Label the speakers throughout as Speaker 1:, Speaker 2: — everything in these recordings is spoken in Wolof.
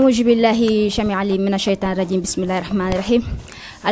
Speaker 1: أعوذ بالله شميع لي من الشيطان الرجيم بسم الله الرحمن الرحيم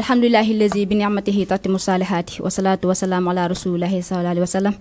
Speaker 1: الحمد لله الذي بنعمته تتم الصالحات والصلاة والسلام على رسول الله صلى الله عليه وسلم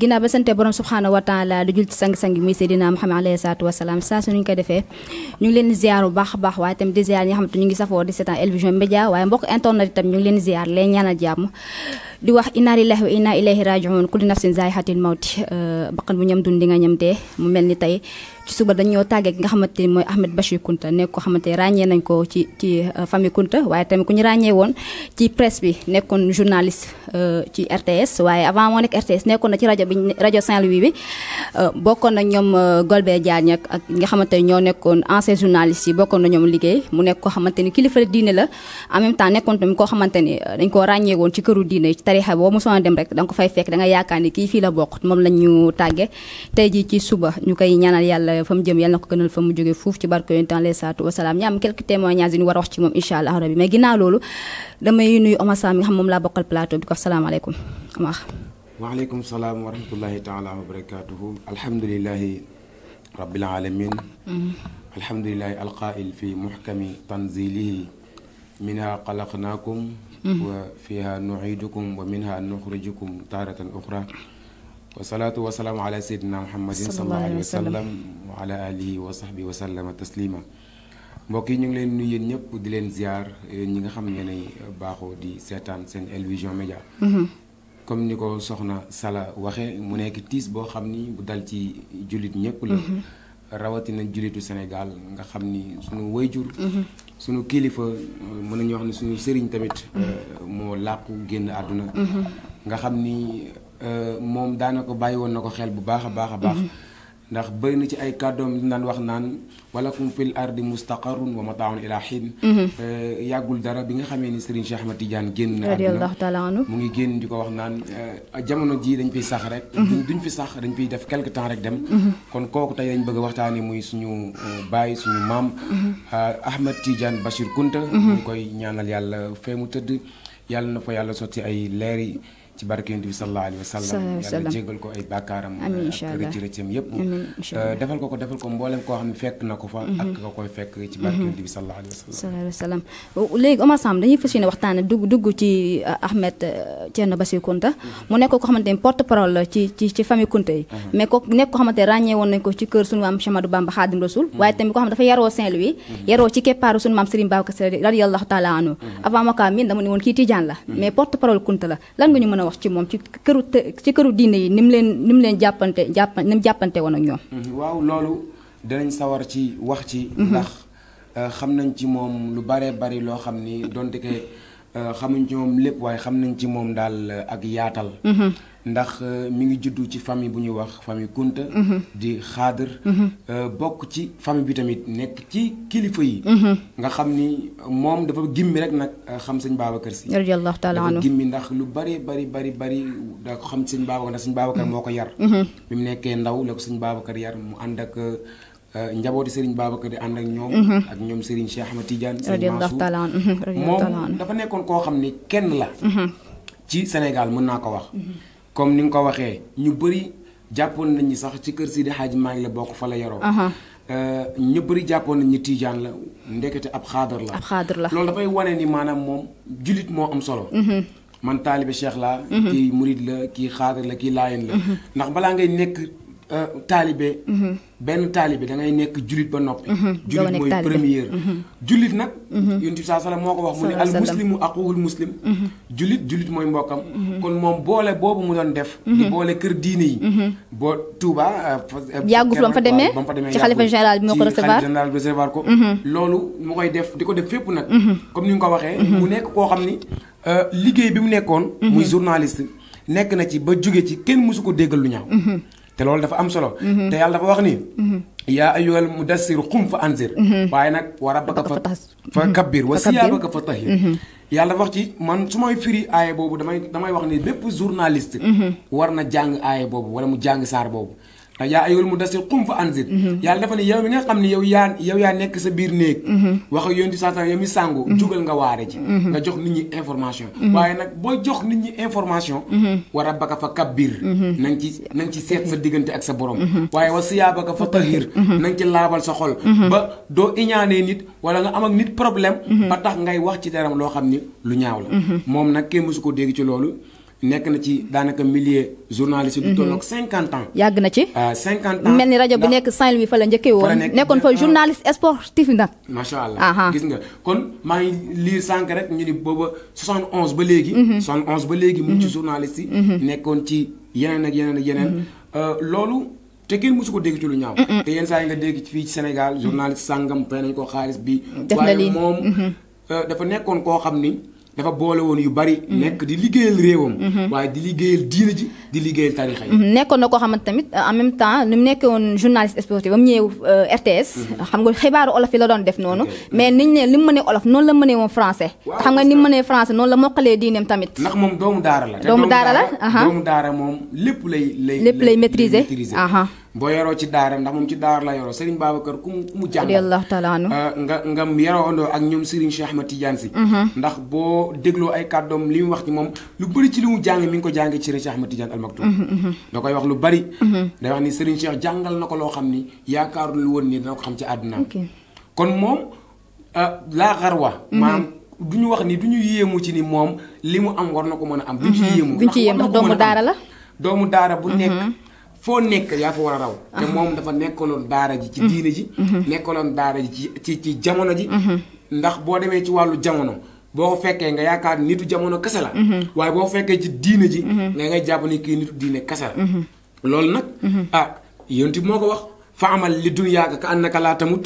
Speaker 1: ginnaaw ba sante borom subhanahu wa taala di jul ci sang-sang muy Seydina Muhammad alayhi salaatu wasalaam saa su ñu ko defee ñu ngi leen ziar bu baax a baax waaye itam di ziar ñi nga xam te ñu ngi safoo di seetaan El Vision Média waaye mbokk internet itam ñu ngi leen ziar leen ñaanal jàmm di wax inna lillahi wa inna ilayhi rajiun kullu nafsin zaa'iqatul mawt bakkan bu ñam dund di nga ñam tee mu mel ni tey ci suba dañoo tàggee ki nga xamante ni mooy Ahmed Bachir Kounta nekk ko xamante ràññee nañ ko ci ci euh, famille Kounta waaye tamit ku ràññee woon ci presse bi nekkoon journaliste euh, ci RTS waaye avant moo nekk RTS nekkoon na ci rajo bi rajo Saint-Louis bi euh, bokkoon na ñoom Golbert Diagne ak nga xamante ni ñoo nekkoon ancien journaliste yi bokkoon na ñoom liggéey mu nekk ko xamante ni kilifa diine la en même temps nekkoon tamit koo xamante ni dañ koo ràññee woon ci këru diine ci tarixa boo mosoon a dem rek da ko fay fekk da yaakaar ni kii fii la bokk moom lañ ñu tey ji ci suba ñu fam jëm yalla nako gënal fam mu jóge foofu ci barke yentan alayhi saatu wa salam ñam quelques témoignages yu ñu war wax ci mom inshallah rabbi mais ginaaw lolu damay nuyu oma sami nga xam mom la bokal plateau bi ko alaykum wa
Speaker 2: alaykum salam wa rahmatullahi taala wa barakatuh alhamdulillah rabbil alamin alhamdulillah alqail fi muhkami tanzilihi minha qalaqnakum wa fiha nuidukum wa minha nuxrijukum taratan uxra والصلاة والسلام على سيدنا محمد صلى الله عليه wa sallam wa ala alihi wa taslima mbokk yi ñu ngi leen nuyu yéen ñëpp di leen ziar yéen ñi nga xam ne ne baaxoo di seetaan seen Elvision Média comme ni ko soxna Sala waxee mu nekk tiis boo xam ni bu dal ci jullit ñëpp la rawatina jullitu Sénégal nga xam ni suñu wayjur suñu kilifa mën nañu wax ne suñu sëriñ tamit moo làqu génn àdduna nga xam ni Euh, moom daanaka bàyyi woon na ko xel bu baax a baax a baax. Mhm. ndax bëri na ci ay kàddoom li naan wax naan walakum fil ardi mustaqarrun wa mataaun ila xiin mhm. euh, yàggul dara bi nga xamee ni Serigne Cheikh Ahmed Tidiane génn na àdduna mu ngi génn di ko wax naan euh, jamono ji dañ fiy sax rek mhm. duñ fi sax dañ fi def quelque temps rek dem kon kooku tey dañ bëgg a waxtaane muy suñu bàyyi suñu maam Ahmed Tidiane Bachir Kounta mu koy ñaanal yàlla fee mu tëdd yàlla na fa yàlla sotti ay leer yi ci barke yonent bi sallallahu euh, mhm. mhm. bi sallallahu euh,
Speaker 1: euh, mhm. avant maka dama ne woon kii Tijaan la mais porte parole Kounta la lan nga ñu mën a wax ci moom ci këru ci këru diine yi ni mu leen ni mu leen jàppante jàpp ni mu jàppante woon ak ñoom.
Speaker 2: Mm-hmm. waaw loolu dinañ sawar ci wax ci. Mm-hmm. ndax euh, xam nañ ci moom lu baree bari loo xam ni donte ke Euh, xamuñ ci moom lépp waaye xam nañ ci moom daal euh, ak yaatal. Mm-hmm. ndax euh, mi ngi juddu ci famille bu ñuy wax famille Kunta. Mm-hmm. di xaadar. Mm-hmm. bokk ci famille bi tamit nekk ci kilifa yi. nga xam ni moom dafa gimmi rek nag xam sëñ Babacar si. ndax lu bari da ko xam sëñ Babacar ndax sëñ Babacar moo ko yar. bi mu nekkee ndaw la ko sëñ Babacar yar mu ànd ak. Euh, njabooti Serigne Babacar di ànd ak ñoom. Mhm. ak ñoom Serigne Cheikh Ahmed Tidiane. Serigne
Speaker 1: moom
Speaker 2: dafa nekkoon koo xam ni kenn la. Mhm. ci Sénégal mën naa ko wax. Mhm. comme ni nga ko waxee ñu bëri jàppoon nañ ni sax ci kër Sidi Hadj Malick la bokk la yaroo. Euh, ñu bëri jàppoon nañ ni Tidiane la ndekete ab xaadar la. ab xaadar la loolu dafay wane ni maanaam moom jullit moo am solo. man taalibe Cheikh la kii murid la kii xaadar la kii laayen la. ndax balaa ngay nekk. Euh, taalibe. Mhm. benn taalibe da ngay nekk jullit ba noppi. Mhm. jullit mooy première. Mhm. jullit nag. yonent bi saa salaam moo ko wax mu ne al muslimu aquhul muslim. jullit jullit mooy mbokkam. kon moom boole boobu mu doon def. di boole kër diine yi. boo Touba. Euh, euh, yàggul ba mu fa demee ci xalifa général bi moo ko recevoir ko. loolu mu koy def di ko def fépp nag. comme ni nga ko waxee. mu nekk koo xam ni liggéey bi mu nekkoon. muy journaliste nekk na ci ba jóge ci kenn mësu ko déggal lu ñaaw. te loolu dafa am solo mm-hmm. te yàlla dafa wax ni mm-hmm. yaa ayyuhal mudassir qum fa anzir mm-hmm. waaye nag wa rabbaka fa kabbir ba siyaabaka fa tahhir yàlla wax ci man su may firi aaye boobu damay damay wax ni bépp journaliste war na jàng aaye boobu wala mu jàng saar boobu Ah, yaa ayyuhal mudassir qum fa anzir mhm. yàlla dafa ne yow mi nga xam ne yow yaa yow yaa nekk sa biir néeg mhm. wax ak yonti saasan yow mi sàngu mhm. jugal nga waare ji nga jox nit ñi information waaye nag boo jox nit ñi information war a baka fa kabbir na nga ci na nga ci seet sa diggante ak sa borom waaye wa siyaabaka fa tahir na nga ci laabal sa xol ba doo iñaanee nit wala nga am ak nit problème ba tax ngay wax ci deram loo xam ni lu ñaaw la moom nag kenn mësu ko dégg ci loolu nekk na ci daanaka millier journaliste du tolloog mhm. cinquante ans. yàgg na ci. Euh, cinquante ans mel ni rajo bu nekk
Speaker 1: Saint-Louis fa la njëkkee woon. nekkoon fa journaliste sportif nag.
Speaker 2: macha allah gis nga kon maa ngi lire sànq rek ñu ni booba soixante onze ba léegi. Mhm. soixante onze ba léegi mu ci mhm. journaliste yi. nekkoon ci yeneen ak yeneen ak yeneen. Euh, loolu te kenn mësu ko dégg ci lu ñaaw. te yenn saa yi nga dégg fii Sénégal journaliste sàngam fay ko xaalis bi.
Speaker 1: def
Speaker 2: dafa boole woon yu bari. Mm-hmm. nekk di liggéeyal réewam. Mm-hmm. waaye di liggéeyal diina ji di liggéeyal tarixa mm-hmm.
Speaker 1: nekkoon na koo xamante tamit euh, en même temps ni mu nekkee woon journaliste sportif ba mu ñëw euh, RTS. xam nga xibaaru olof yi la doon def noonu. mais niñ ne li mu mënee olof noonu la mënee woon français. xam nga ni mu mënee français noonu la mokkalee diineem tamit. ndax moom
Speaker 2: doomu daara la. doomu daara moom lépp lay. lay boo yaroo ci daara ndax moom ci daara la yaroo Serigne Babacar ku mu ku mu jàng
Speaker 1: euh,
Speaker 2: nga nga yaroo andoo ak ñoom Serigne Cheikh Ahmed Tidiane si mm-hmm. ndax boo dégloo ay kàddoom li mu wax ci moom lu ci li mu jàng mi ko jàngee ci Serigne Cheikh Ahmed Tidiane Al Maktoum mm-hmm, mm-hmm. da wax lu bëri day wax ni Serigne Cheikh jàngal na ko loo xam ni yaakaarul woon ni dana ko xam ci àdduna kon moom euh, laa xarwa wa du ñu wax ni du ñu yéemu ci ni moom li mu am war na ko mën a am du ñu yéemu ndax doomu daara la doomu daara bu nekk foo nekk yaa fa war a raw. te moom dafa nekkaloon daara ji. ci mm-hmm. diine ji. Mm-hmm. nekkaloon daara ji ci ci jamono ji. Mm-hmm. ndax boo demee ci wàllu jamono. boo ko fekkee nga yaakaar nitu jamono kese la. waaye boo ko fekkee ci diine ji. nga ngay jàpp ni kii nitu diine kese la. loolu nag. ah yonti moo ko wax. fa amal li dunyaaka ka annaka laa tamut.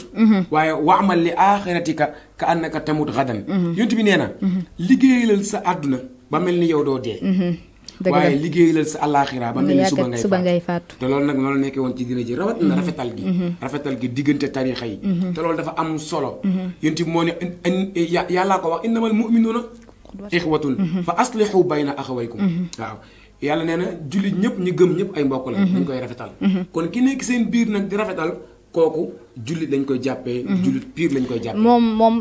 Speaker 2: waaye wa amal li aaxiratika ka annaka tamut xadan. yonti bi nee na. liggéeyalal sa àdduna ba mel ni yow doo dee. waaye liggéeyal sa àllaaxira ba mel ni suba ngay suba ngay faatu te loolu nag loolu nekkee woon ci dina ji rawat na mhm. rafetal gi mhm. rafetal gi diggante tarixa yi mhm. te loolu dafa am solo yénti moo ne yàllaa ko wax innamal mu'minuuna ixwatun fa aslihu bayna axawaykum waaw yàlla nee na jullit ñëpp ñu gëm ñëpp ay mbokk la dañ koy rafetal kon ki nekk seen biir nag di rafetal kooku jullit lañ koy jàppee. jullit pire lañ koy jàppee. moom
Speaker 1: moom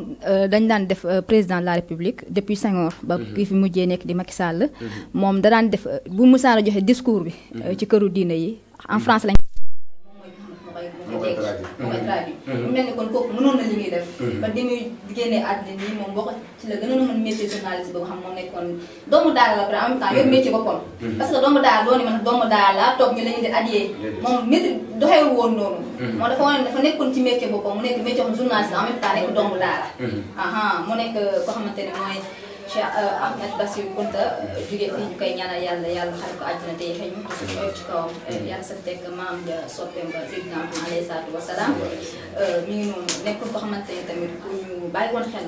Speaker 1: dañ daan def président de la république depuis Senghor. ba kii fi mujjee nekk di Macky sàll moom da daan def bu Musaara joxe discours bi. ci këru diine yi en France lañ. mooy traduit mu mel ni kon kooku mënoon na li muy def ba di muy génnee àddina nii moom boo ko ci la gënoon a mën métier journaliste boobu xam moo nekkoon doomu daara la après en même temps yor boppam parce que doomu daara doon man doomu daara la toog ñu la ñu di adiyee moom métier doxewul woon noonu moo dafa wane dafa nekkoon ci métier boppam mu nekk métier journaliste en même temps nekk doomu daara mu nekk koo xamante ne mooy Cheikh Ahmed Bassirou Kounta euh, jóge fii ñu koy ñaanal yàlla yàlla xarit ko àjjana te xëy na suñu oyof ci kawam euh, yàlla sa teg maam ja soppeem ba Seydina Muhammad alayhi salaatu wa salaam euh, mi ngi noonu ko xamante tamit ku ñu bàyyi woon xel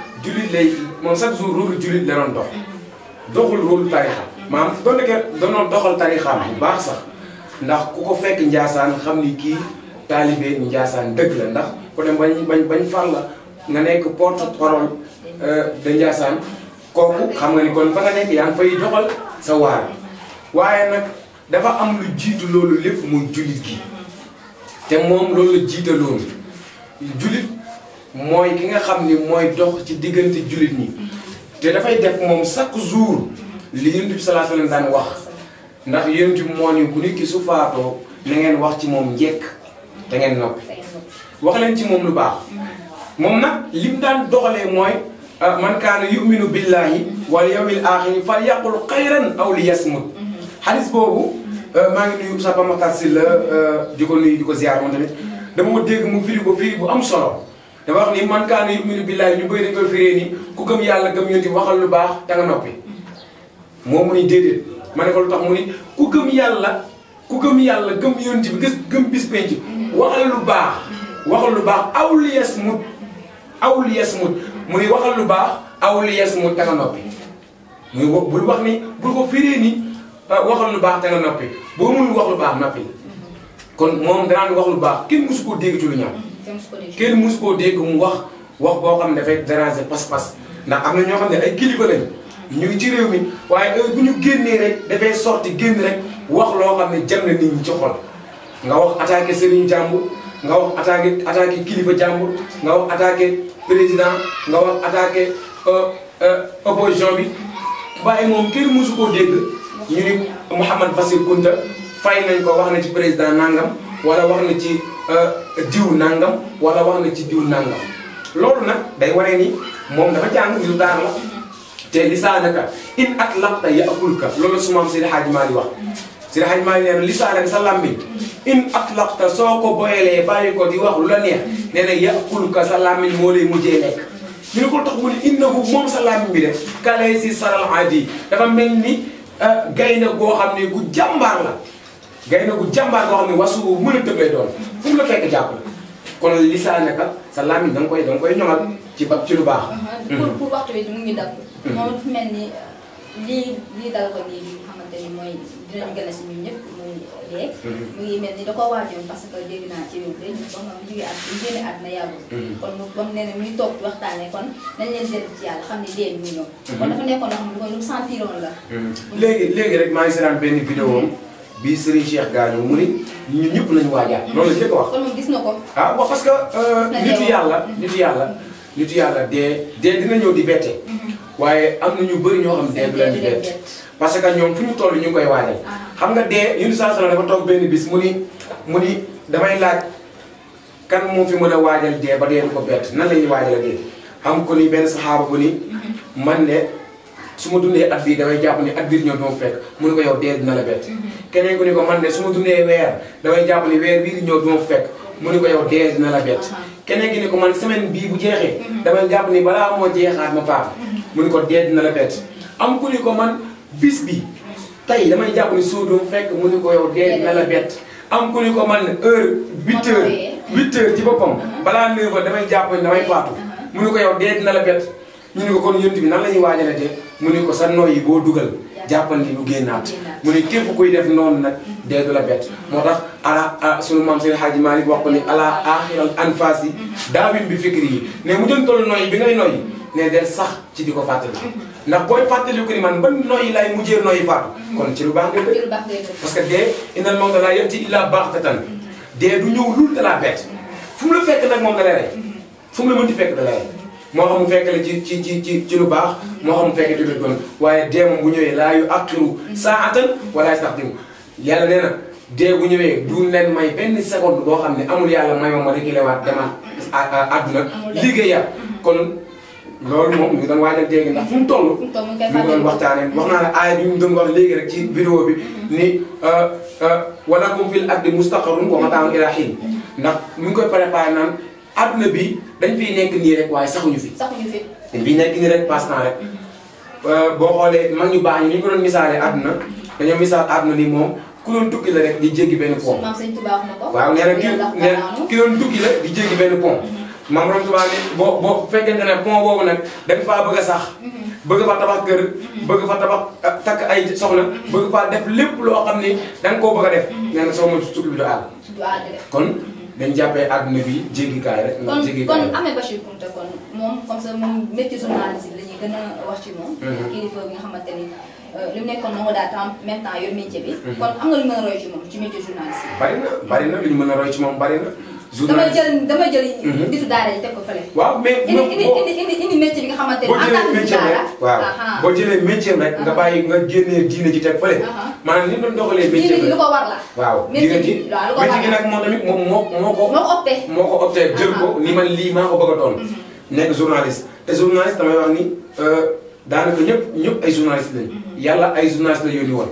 Speaker 2: jullit lay moom chaque jour rôle jullit la doon dox doxul rôle tarixa maanaam doon ke danoon doxal tarixaam bu baax sax ndax ku ko fekk njaasaan xam ni kii taalibe njaasaan dëgg la ndax ku dem bañ bañ bañ la nga nekk porte parole euh, de njaasaan kooku xam nga ni kon fa nga nekk yaa ngi fay doxal sa waar waaye nag dafa am lu jiitu loolu lépp muy jullit gi te moom loolu la jiitaloon jullit mooy ki nga xam ni mooy dox ci diggante jullit ñi te dafay def moom chaque jour li yonent bi daan wax ndax yonent bi moo ni bu nit su faatoo na ngeen wax ci moom njekk te ngeen noppi wax leen ci moom lu baax moom nag li mu daan doxalee mooy ah, man kaana yuminu billahi wal yawmil axiri fal yaqul xayran aw li yasmut xaalis boobu ah, maa ngi nuyu Samba Makhtar Sylla ah, di ko nuyu di ko ziar moom tamit dama ko dégg mu firi ko bu am solo te wax nii man kaana yu'minu billaahi ñu bëri dañ koy firee ni ku gëm yàlla gëm yonent waxal lu baax da nga noppi moom mu ni déedéet ma ne ko lu tax mu ni ku gëm yàlla ku gëm yàlla gëm yonent bi gës gëm bis waxal lu baax waxal lu baax aw li yasmut aw li yasmut mu ni waxal lu baax aw yes yasmut da nga noppi muy bul wax ni bul ko firee ni ah, waxal lu baax da nga noppi boo mënul wax lu baax noppi kon moom danaan wax lu baax kenn mësu koo dégg ci lu kenn mus koo dégg mu wax wax boo xam ne dafay déranger pas-pas ndax am na ñoo xam ne ay kilifa lañ ñu ngi ci réew mi waaye heure bu ñu génnee rek dafay sorti génn rek wax loo xam ne jam na nit ñi ci nga wax attaqué sëriñ jàmbur nga wax attaqué attaqué kilifa jàmbur nga wax attaqué président nga wax attaqué euh, euh, opposition bi waaye moom kenn musu koo dégg ñu ni Mouhamed Bassir Kounta fay nañ ko wax ne ci président nangam wala wax na ci Euh, diw nangam wala wax na ci diw nangam loolu nag day waree ni moom dafa jàng yu daar la te lisaanaka in at labta yaakulka loolu su maam Seydi Hadji Malick wax Seydi Hadji Malick nee soo ko boyelee bàyyi wax lu la neex nee na yaakulka sa làmmiñ moo lay mujjee lekk ñu ne ko tax mu ne innahu moom sa làmmiñ bi def kalay si saral aadi dafa mel ni euh, gaynde goo xam ne gu jàmbaar la gaynde gu jàmbaar boo wasu bu mën a tëb lay doon fu mu la fekk jàpp kon li saa nekk sa làmmiñ da koy da koy ñoŋal ci ba ci lu baax. Uh-huh. pour mm-hmm. pour
Speaker 1: waxtu bi mu ngi dab. Mm-hmm. ni uh, lii lii dal ko nii li mm-hmm. mu ngi mel ni da parce que dégg naa ci mu jugee at na yàggul. kon mu ne ne muy toog waxtaanee kon nañ leen jël ci yàlla xam ne dee ñu ñëw. kon dafa nekkoon loo xam ne lu ko lu sentiroon la.
Speaker 2: léegi léegi rek maa benn vidéo bii Serigne Cheikh gaañoo mu ni ñun ñëpp nañu waajaat. loolu la njëkk a wax ah wax parce que. Euh, nitu yàlla nitu yàlla. nitu yàlla dee dee dina ñëw di bette. Mm-hmm. waaye am na ñu bëri ñoo xam dee du leen di bette. parce que ñoom fu ñu toll ñu koy waajal. Ah. xam nga dee une saa soxna dafa toog benn bis mu ni mu ni damay laaj kan moo fi mën a waajal dee ba dee du ko bett nan la ñuy waajal dee xam ko ni benn saxaaba bu ni mm-hmm. man de. su ma dundee at bii damay jàpp ne at bii ñëw doo fekk mu ko yow dee dina la bett keneen ne ko man de su ma dundee weer damay jàpp ne weer bii di ñëw doo fekk mu ne ko yow dee dina la bett keneen ki ne ko man semaine bii bu jeexee damay jàpp ni balaa moo jeexaat ma paas mu ne ko dee dina la am ku ne ko man bis bi tey damay jàpp ni fekk mu ne ko yow dee dina la bett am ku ne ko man heure huit heures huit heures ci boppam balaa neuf heures damay jàpp ni damay faatu mu ne ko yow dee dina la bett ñu ne ko kon yënt bi nan la ñuy waajalee mu ni ko sa noyyi boo dugal jàppandi lu génnaat mu ne képp kuy def noonu nag dee du la bett moo tax ala sunu maam seen xaaji Maalik wax ko ni ala axiral anfaas yi daawin bi fikri yi ne mu jëm tollu noyyi bi ngay noyyi ne del sax ci di ko fàttali ndax booy fàttali ni man ba noyyi laay mujjee noyyi faatu kon ci lu baax ngay
Speaker 1: dëkk parce
Speaker 2: que dee innal mawta laa ya'tii illaa baxtatan dee du ñëw lul da laa bett fu mu la fekk nag moom da lay rey fu mu la mënti fekk da moo xam mu fekk la ci ci ci ci lu baax moo xam mu fekk ci lu bon bu ñëwee laa yu aqiru saatan wala yastaxdimu yàlla nee na dee bu ñëwee duñ leen may benn seconde boo xam ne amul yàlla mayoo ma réglé waat demaat àdduna liggéeyam mm-hmm. kon loolu moom ñu doon waajal dégg ndax fu mu toll ñu
Speaker 1: ngi doon waxtaanee
Speaker 2: wax naa la aaya bi ñu doon wax léegi rek ci vidéo bi mm-hmm. ni euh, euh, walakum fil ardi mustaqarrun wa mataa'un ilaa hiin mm-hmm. ndax ñu ngi koy préparé naan adduna bi dañ fiy nekk nii rek waaye saxuñu fi. saxuñu fi dañ nekk nii rek passe rek euh, boo xoolee mag ñu baax ñi ni ñu ko doon misaalee dañoo misaal adduna ni moom ku doon tukki la di jéggi benn pont. maam sëñ Tuubaa na ko. la di jéggi benn pont. Mm-hmm. maam Borom boo boo fekkente ne pont boobu nag dañ faa bëgg a sax. Mm-hmm. bëgg fa tabax kër mm-hmm. bëgg fa tabax takk ay soxla bëgg faa def lépp loo xam ne da koo bëgg a def nee na soo moytu tukki bi du àll kon. dañ jàppee àdduna bi jéggikaay rek. kon kon
Speaker 1: Ahmed Bachir Kounta kon moom comme ça moom métier journaliste bi gën a wax ci moom. Mm-hmm. kilifa bi nga xamante ni euh, li mu nekkoon nangu daal en même temps yor métier bi. Mm-hmm. kon am nga lu mën a roy ci moom ci métier journaliste
Speaker 2: bi. bari lu ñu mën a roy ci moom bari dama jël
Speaker 1: dama jël. Mhm. nitu daara teg fële.
Speaker 2: waaw mais boo
Speaker 1: indi indi nga xamante ne. boo jëlee métier rek waaw boo jëlee
Speaker 2: métier rek nga bàyyi nga génnee diine ji teg fële. maanaam ni doon doxalee métier bi lu ko war la. waaw diine ji
Speaker 1: waaw lu gi nag
Speaker 2: moom tamit moom moo moo ko.
Speaker 1: moo ko opté moo
Speaker 2: ko opté jël ko ni man lii maa ko bëgg a doon. Mhm. nekk journaliste te journaliste damay wax ni euh, daanaka ñëpp ñëpp ay journaliste lañ. Mhm. yàlla ay journaliste la yónni woon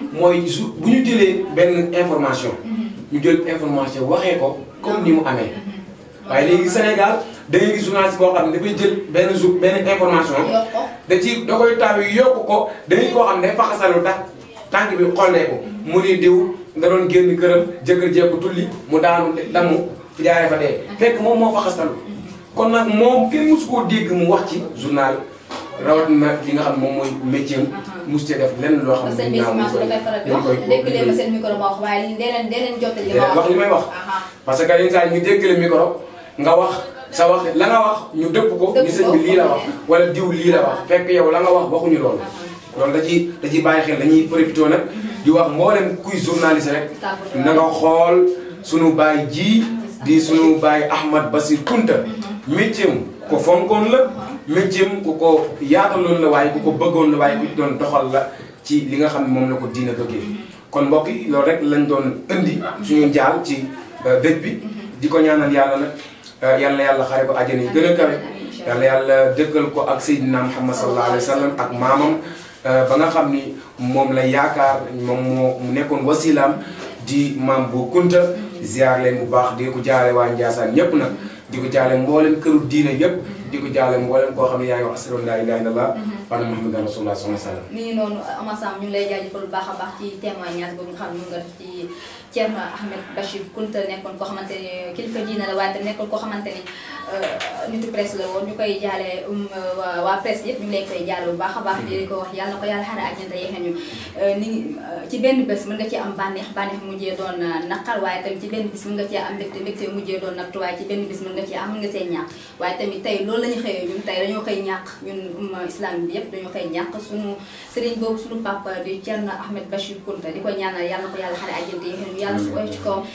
Speaker 2: mooy su bu ñu jëlee benn information. Mm-hmm. ñu jël information waxee ko comme ni mu amee. Mm-hmm. waaye léegi Sénégal da ngay gis journaliste boo xam ne dafay jël benn jour benn information. da ci da koy taw yi yokk ko dañuy koo am ne fa xasalu tax tànk bi xollee ko mm-hmm. mu ni diw nga doon génn këram jëkkër jekku tulli mu daanu damu jaaree fa dee. fekk moom moo fa xasalu kon nag moom kenn su koo dégg mu wax ci journal rawatina li nga xam moom mooy métier mus cee def lenn loo xam ne ñu
Speaker 1: naan wax li may wax
Speaker 2: parce que yenn saa yi ñu dégg la micro nga wax sa wax la nga wax ñu dëpp ko ñu sëñ bi lii la wax wala diw lii la wax fekk yow la nga wax waxuñu loolu loolu da ci da ciy bàyyi xel dañuy profité nag di wax mboolem kuy journaliste rek na nga xool sunu baay ji di sunu baay Ahmad Basir Kunta mhm. métier ko fonkoon la métier ku ko yaataloon la waaye ku ko bëggoon la waaye ku doon doxal la ci li nga xam ne moom la ko diina bëggee kon mbokk yi loolu rek lañ doon indi suñu jaal ci euh, dëj bi di ko ñaanal yàlla nag euh, na yàlla xare ko àjjana yi gën a kawe yal yàlla dëkkal ko ak Seydina Muhammad sallallahu alayhi wa ak maamam euh, ba nga xam ni moom la yaakaar moom moo nekkoon wasilaam di maam bu kunta ziar leen bu baax di ko jaare waa Njaasaan ñëpp nag di ko jaale mboolem këru diine yëpp di ko jaale mboolem koo xam ne yaa wax asalaamaaleykum laa ilaaha illallaah. Fane mhm. Muhammadan Rasulullah sallallahu wa sallam.
Speaker 1: mi ngi noonu Ama Samb ñu ngi lay jaajëfal bu baax a baax ci témoignage boobu nga xam ne mun nga def xamante ni kilifa diina la waaye tam xamante ni euh, nitu presse la woon koy jaale um, waa presse yëpp ñu ngi lay koy jaale bu baax a baax. Mhm. di ko wax yàlla ko yàlla xare ak ñeent yeexee ñu. Euh, ni euh, ci benn bés am bànneex bànneex mujjee doon naqar waaye tamit ci benn bis mën nga cee am mbégte mbégte mujjee doon nattuwaay ci benn bis mën nga cee waaye tamit tey loolu loolu la ñu xëyee ñun tey dañoo xëy ñàkk ñun umma islam bi yëpp dañoo xëy ñàkk suñu sëriñ boobu suñu papa di Thierno Ahmed Bachir Kounta di ko ñaanal yàlla ko yàlla xale ajjante yéen yàlla su koy ci kawam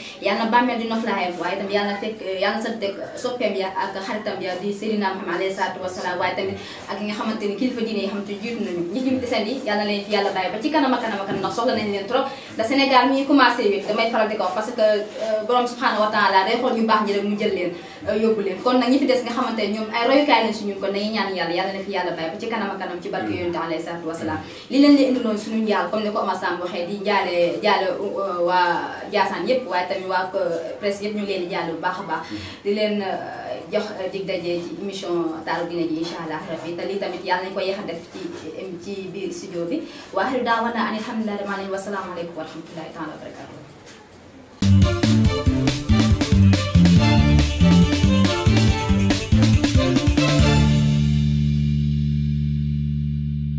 Speaker 1: nga xamante ni kilifa diine yi xamante jiitu nañu ñi ci deseen yi yàlla leen fi yàlla bàyyi ba ci kanam a kanam a soxla nañ leen trop da Sénégal mi commencé wéeg damay faral di ko parce que euh, borom subhanahu wa taala day xool ñu baax ñi rek mu jël leen euh, yóbbu leen kon nag ñi fi des nga xamante ne ñoom ay royukaay lañ suñu kon dañuy ñaan yàlla yàlla na fi yàlla bàyyi ba ci kanam a kanam ci barke yonent alayhi salaatu wasalaam li leen leen indiloon suñu njaal comme ni ko Omar waxee di jaale jaale euh, waa Jaasaan yëpp waaye tamit waa presse yëpp ñu ngi leen di bu baax a baax di leen jox eh, dig daje ci émission taaru Guinée ji incha allah rabbi te lii tamit yàlla nañu ko yéex a def ci ci biir studio bi waaxiru daawana an alhamdulillahi rabbil aalamiin wa salaamu aleykum wa rahmatullahi taala wa barakaatu